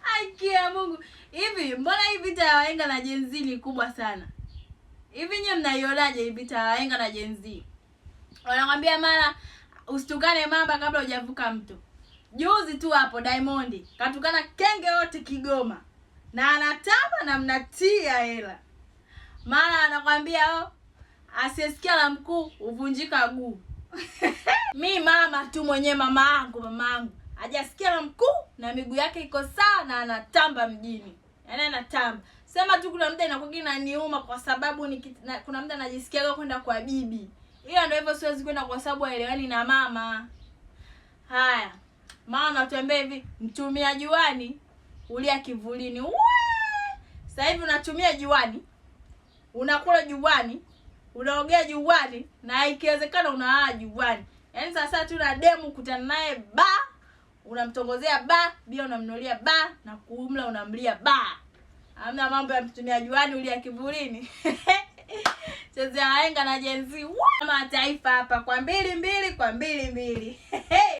Haki ya Mungu. Hivi mbona hii vita ya wahenga na jenzi ni kubwa sana? Hivi nyewe mnaionaje hii vita ya wahenga na jenzi? Wanakwambia mara usitukane mamba kabla hujavuka mto. Juzi tu hapo Diamond katukana kenge wote Kigoma. Na anatama na mnatia hela. Mara anakwambia oh, asiyesikia la mkuu huvunjika guu. Mi mama tu mwenyewe mama yangu mama yangu hajasikia na mkuu na miguu yake iko sawa na anatamba mjini, yaani anatamba. Sema tu kuna muda inakuwa inaniuma kwa sababu ni, na, kuna muda najisikiaga kwenda kwa bibi, ila ndio hivyo, siwezi kwenda kwa sababu haelewani na mama. Haya, mama anatuambia hivi, mtumia juani ulia kivulini. Sasa hivi unatumia juani, unakula juani, unaongea juani, na ikiwezekana unalala juani. Yaani sasa tu na demu kutana naye ba unamtongozea ba bia, unamnulia ba na kuumla unamlia ba. amna mambo ya mtumia juani ulia kivulini. Chezea waenga na jenzi wa taifa hapa, kwa mbili mbili, kwa mbili mbili.